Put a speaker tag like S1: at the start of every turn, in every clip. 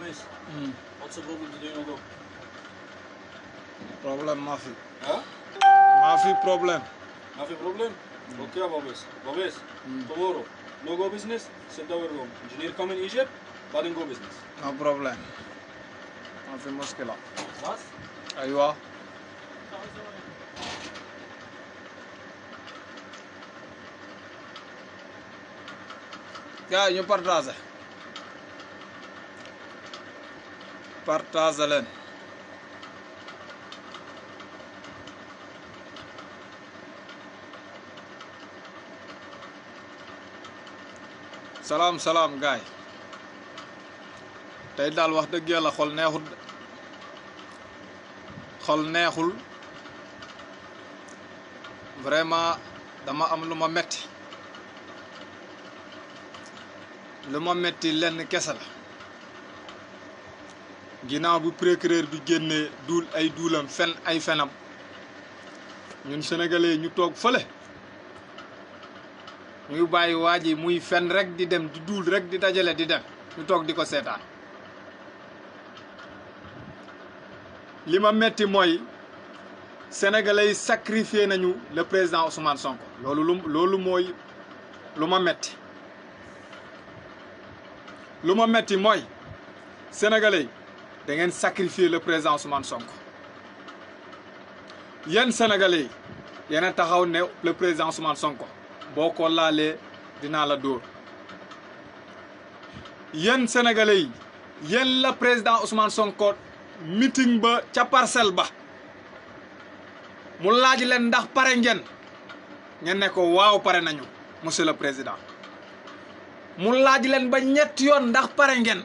S1: promise? Mm. What's the problem today, no go? Problem, Mafi. Huh? Mafi problem. Mafi problem? Mm. Okay, Babes. Babes, mm. tomorrow, no go business, send our room. Engineer come in Egypt, but in go business. No problem. Mafi muskila. Bas? Aywa. क्या यूं पर राज है partage leen salaam salaam gaay tey daal wax dëgg yàlla xol neexul xol neexul vraiment dama am lu metti lu metti lenn kese la ginnaaw bu procureur du génnee duul ay duulam fen ay fenam ñun sénégalais ñu toog fële ñuy bàyyi waa ji muy fen rek di dem di duul rek di dajale di dem ñu toog di ko seetaan li ma metti mooy sénégalais yi sacrifié nañu le président Ousmane loolu lu loolu mooy lu ma metti lu ma metti mooy sénégalais da ngeen sacrifier le président Ousmane Sonko yéen sénégalais yi a taxaw ne le président Ousmane Sonko boo ko laalee dinaa la dóor yéen sénégalais yi yéen la président Ousmane Sonko meeting ba ca parcelle ba mu laaj leen ndax pare ngeen ngeen ne ko waaw pare nañu monsieur le président mu laaj leen ba ñett yoon ndax pare ngeen.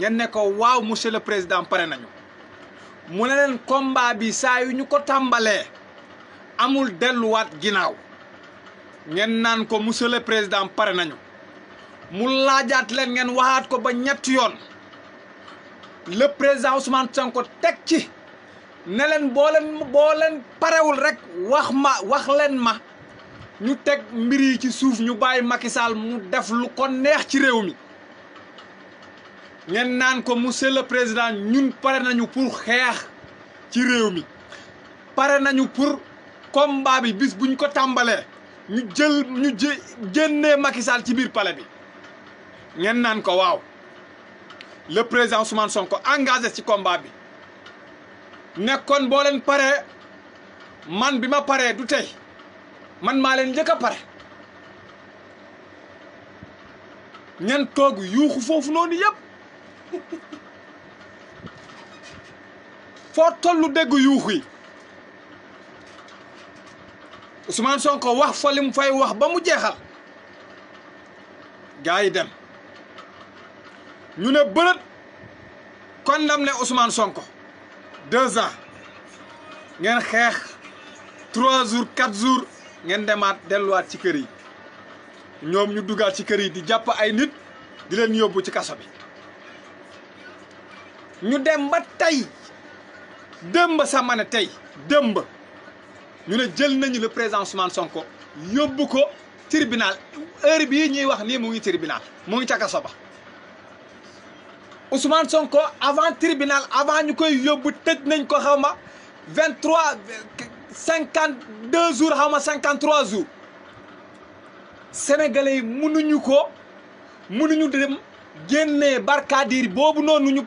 S1: ngeen ne ko waaw monsieur le président pare nañu mu ne leen combat bi saa yu ñu ko tàmbalee amul delluwaat ginnaaw ngeen naan ko monsieur le président pare nañu mu laajaat leen ngeen waxaat ko ba ñett yoon le président Ousmane Sonko teg ci ne leen boo leen boo leen parewul rek wax ma wax leen ma ñu teg mbir yi ci suuf ñu bàyyi mu def lu ko neex ci réew ngeen naan ko mu le président ñun pare nañu pour xeex ci réew mi pare nañu pour combat bi bis buñ ko tàmbalee ñu jël ñu jé génnee Macky Sall ci biir pale bi ngeen naan ko waaw le président Ousmane Sonko engagé ci combat bi nekkoon booleen pare man bi ma paree du tey man maa leen njëkk a pare ñan toog yuuxu foofu noonu yëpp. fo tollu dégg yuuxi yi Ousmane Sonko wax fa lim fay wax ba mu jeexal gaay yi dem ñu ne bërët condamné Ousmane Sonko 2 ans ngeen xex 3 jours 4 jours ngeen demaat wat ci kër yi ñom ñu duggal ci kër yi di japp ay nit di len yobbu ci kasso bi ñu dem ba tey dëmba sa tey démb ñu ne jël nañu le président Ousmane Sonko yóbbu ko tribunal heure bii ñuy wax nii mu ngi tribunal mu ngi ca kaso ba Sonko avant tribunal avant ñu koy yóbbu tëj nañ ko xaw ma vingt trois cinquante deux jours xaw ma cinquante trois jours sénégalais yi mënuñu ko mënuñu dem génnee barkaadir boobu noonu ñu.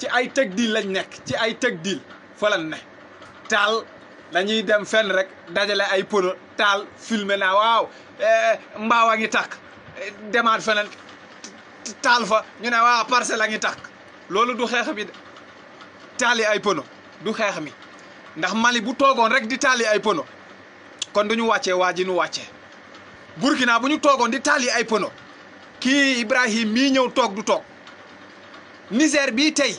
S1: ci ay teg diil lañ nekk ci ay teg diil fa lañ ne taal dañuy dem fenn rek dajale ay pono taal filmer naa waaw eh, mbaawa ngi tàkk demaat feneen taal fa ñu ne waaw a ngi takk loolu du xeex bi de taali ay pono du xeex mi ndax Mali bu toogoon rek di taali ay pono kon du ñu wàccee waa ji nu wàccee Burkina bu ñu toogoon di taali ay pono kii Ibrahim mi ñëw toog du toog Niger bii tey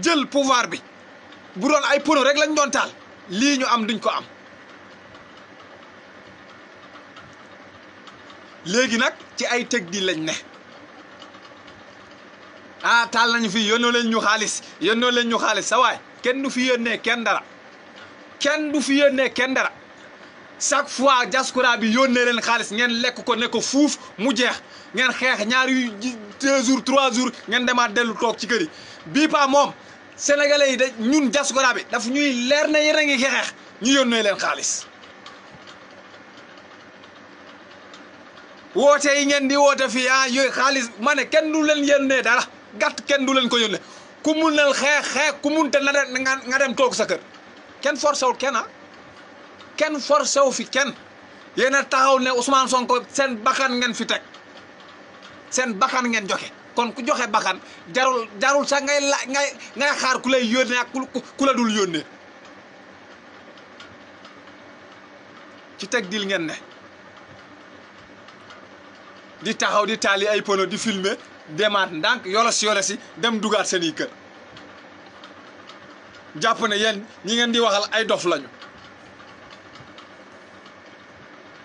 S1: jël pouvoir bi bu ay pono rek lañ doon taal lii ñu am duñ ko am léegi nag ci ay teg di lañ ne ah taal nañu fi yónnoo leen ñu xaalis yónnoo leen ñu xaalis sa kenn du fi yónnee kenn dara kenn du fi yónnee kenn dara chaque fois diaspora bi yónnee leen xaalis ngeen lekk ko ne ko fuuf mu jeex ngeen xeex ñaari deux jours trois jours ngeen demaat dellu toog ci kër yi bii moom sénégalais yi da ñun diaspora bi daf ñuy leer na yéen a ngi xeex ñu yónnee leen xaalis woote yi ngeen di woote fii ah yooyu xaalis ma ne kenn du leen yónnee dara gàtt kenn du leen ko yónnee ku mun nal xeex xeex ku na nga dem toog sa kër kenn forcé wul kenn ah kenn for sew fi kenn yéen a taxaw ne Ousmane Sonko seen bakkan ngeen fi teg seen bakkan ngeen joxe. kon ku joxe bakan jarul jarul sa ngay la ngay ngay xaar ku lay yone ak ku la dul yone ci tek dil ngeen ne di taxaw di tali ay pono di filmer demaat ndànk yolos si dem dugaat seni keur japp ne yeen ñi ngeen di waxal ay dof lañu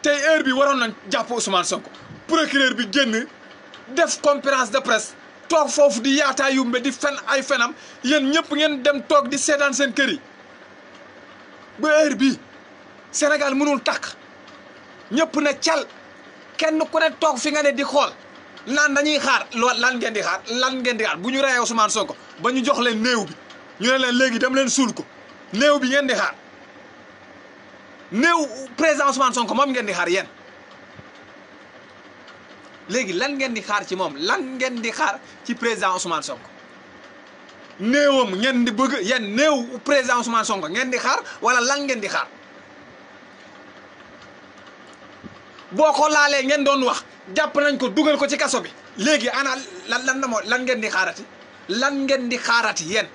S1: tay heure bi waron nañ japp Ousmane Sonko procureur bi genn def conférence de presse toog foofu di yaataa yumbe di fen ay fenam yéen ñëpp ngeen dem toog di seetaan seen kër ba heure bii Sénégal mënul takk ñëpp ne cal kenn ku ne toog fi nga ne di xool nan dañuy xaar lool lan ngeen di xaar lan ngeen di xaar bu ñu reyee Ousmane Sonko ba ñu jox leen néew bi ñu ne leen léegi dem leen suul ko néew bi ngeen di xaar néew président Ousmane Sonko moom ngeen di xaar yéen. léegi lan ngeen di xaar ci moom lan ngeen di xaar ci président Ousmane Sonko néewam ngeen di bëgg yen néew président Ousmane Sonko ngeen di xaar wala lan ngeen di xaar boo ko laalee ngeen doon wax jàpp nañ ko dugal ko ci kaso bi léegi ana lan lan na lan ngeen di xaarati lan ngeen di xaarati yéen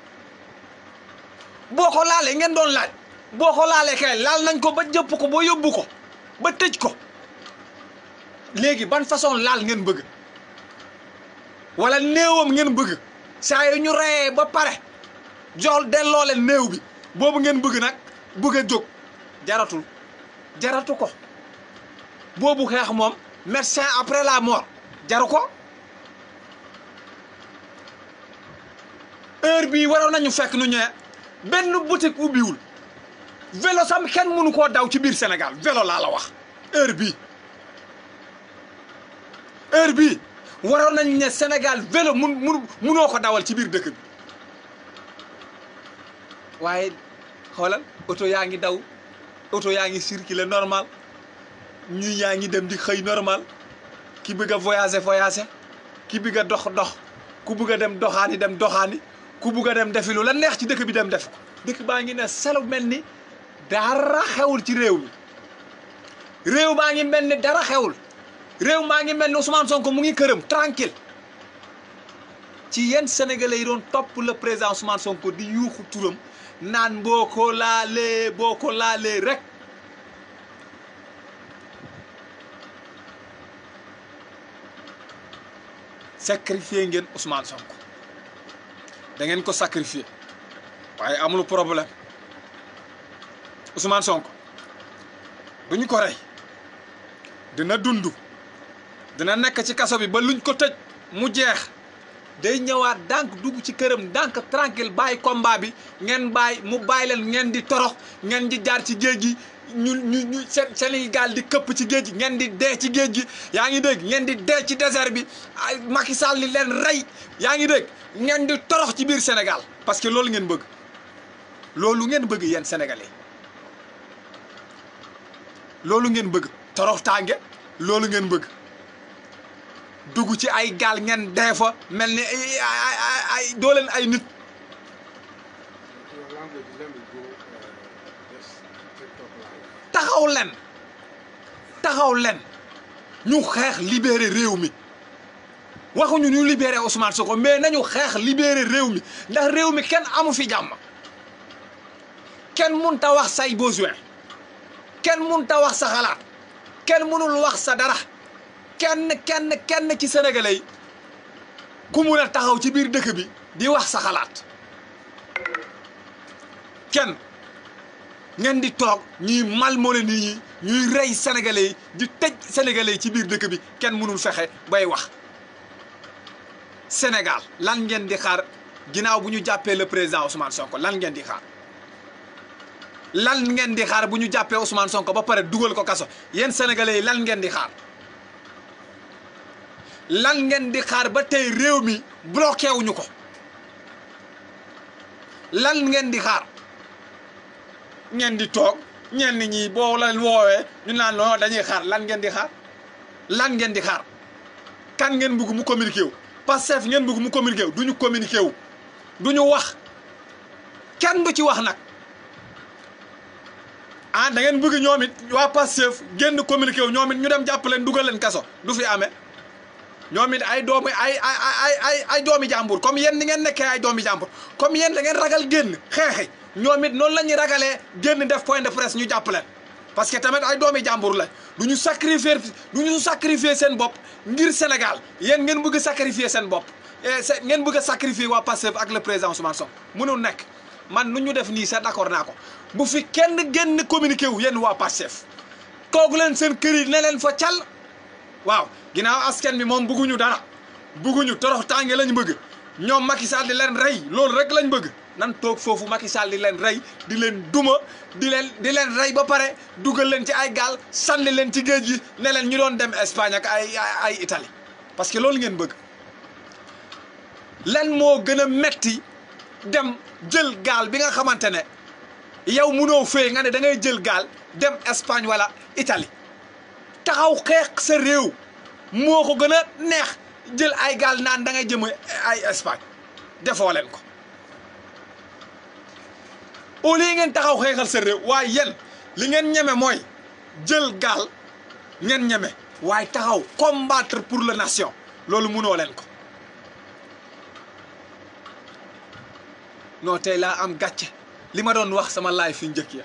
S1: boo ko laalee ngeen doon laaj boo ko laalee kay laal nañ ko ba jëpp ko boo yóbbu ko ba tëj ko léegi ban façon lal ngeen bëgg wala néewam ngeen bëgg sa yu ñu reyee ba pare jol delloo leen néew bi bobu ngeen bëgg nak bëgg jog jaratul jaratu ko bobu xex mom médecin après la mort jaru ko heure bi waraw nañu fekk nu ñëw benn boutique ubiwul vélo sam kenn mënu ko daw ci biir Sénégal vélo la la wax heure bi heure bii waroon nañ ne Sénégal vélo mun mun munoo ko dawal ci biir dëkk bi waaye xoolal oto yaa ngi daw oto yaa ngi circuler normal ñuy yaa ngi dem di xëy normal ki bëgg a voyager voyager ki bëgg a dox dox ku bëgg a dem doxaani dem doxaani ku bëgg a dem defi lu la neex ci dëkk bi dem def ko dëkk baa ngi ne selu mel ni dara xewul ci réew mi réew baa ngi mel ni dara xewul réew maa ngi mel ni Ousmane Sonko mu ngi këram tranquille ci yenn sénégalais yi doon topp le président Ousmane di yuuxu turam naan boo ko laalee boo ko laalee rek sacrifié ngeen Ousmane Sonko da ngeen ko sacrifié waaye amul problème Ousmane Sonko duñu ko rey dina dundu dina nekk ci kaso bi ba luñ ko tëj mu jeex day ñëwaat dànk dugg ci këram dànk tranquille bàyyi combat bi ngeen bàyyi mu bàyyi leen ngeen di torox ngeen di jaar ci géej gi ñu ñu ñu seen Sénégal di këpp ci géej gi ngeen di dee ci géej gi yaa ngi dégg ngeen di dee ci désert bi ay Macky Sall li leen rey yaa ngi dégg ngeen di torox ci biir Sénégal parce que loolu ngeen bëgg loolu ngeen bëgg yen sénégalais loolu ngeen bëgg torox tànge loolu ngeen bëgg. dugg ci ay gaal ngeen dee fa mel ni ay doo ay nit taxaw leen taxaw leen ñu xeex libéré réew mi waxuñu ñu libéré Ousmane ko mais nañu xeex libéré réew mi ndax réew mi kenn amu fi jàmm kenn mun ta wax say besoin kenn mun ta wax sa xalaat kenn mënul wax sa dara kenn kenn kenn ci sénégalais yi ku taxaw ci biir dëkk bi di wax saxalaat kenn ngeen di toog ñuy malmone nit ñi ñuy rey sénégalais di tëj sénégalais yi ci biir dëkk bi kenn mënul fexe bay wax Sénégal lan ngeen di xaar ginnaaw bu ñu jàppee le président Ousmane Sonko lan ngeen di xaar lan ngeen di xaar bu ñu jàppee Ousmane Sonko ba pare dugal ko kaso yéen sénégalais yi lan ngeen di xaar lan ngeen di xaar ba tey réew mi bloqué wuñu ko lan ngeen di xaar ngeen di toog ñenn ñi boo leen woowee ñu naan non dañuy xaar lan ngeen di xaar lan ngeen di xaar kan ngeen bugg mu communiqué wu Pastef ngeen bëgg mu communiqué wu ñu communiqué wu ñu wax kenn bu ci wax nag ah da ngeen bëgg ñoom it waa Pastef génn communiqué wu ñoom it ñu dem jàpp leen dugal leen kaso du fi amee ñoomit ay doomi ay ay ay ay doomi jàmbur comme yéen ni ngeen nekkee ay doomi jàmbur comme yéen da ngeen ragal génn xeexi ñoomit it noonu la ñuy ragalee génn def point de presse ñu jàppale parce que tamit ay doomi jàmbur la du ñu sacrifier du ñu sacrifier seen bopp ngir Sénégal yéen ngeen bëgg sacrifier seen bopp et eh, ngeen bëgg sacrifier waa Pastef ak le président Ousmane Sonko mënul nekk man nu ñu def nii sax d'accord naa ko bu fi kenn génn communiqué wu yéen waa Pastef toog leen seen kër yi ne leen fa cal waaw ginnaaw askan bi moom bëgguñu dara bëgguñu torox tànge lañ bëgg ñoom Macky Sall di leen rey loolu rek lañ bëgg nan toog foofu Macky Sall di leen rey di leen duma di leen di leen rey ba pare dugal leen ci ay gaal sànni leen ci géej gi ne leen ñu doon dem Espagne ak ay ay Italie parce que loolu ngeen bëgg lan moo gën a metti dem jël gaal bi nga xamante ne yow munoo fee nga ne da ngay jël gaal dem Espagne wala Italie taxaw xex sa rew moko gëna neex jël ay gal naan da ngay jëm ay Espagne defo len ko o li ngeen taxaw xexal sa rew way yéen li ngeen ñëmé moy jël gal ngeen ñëmé way taxaw combattre pour la nation lolu mëno len ko am gatché lima doon wax sama live fi ya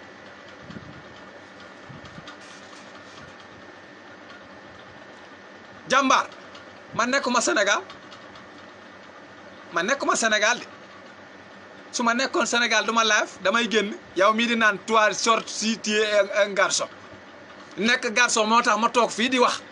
S1: jàmbaar man nekkuma Sénégal man nekkuma Sénégal de su ma nekkoon Sénégal du ma live damay génn yow mii di naan toi sort si tu es un nekk garso moo tax ma toog fii di wax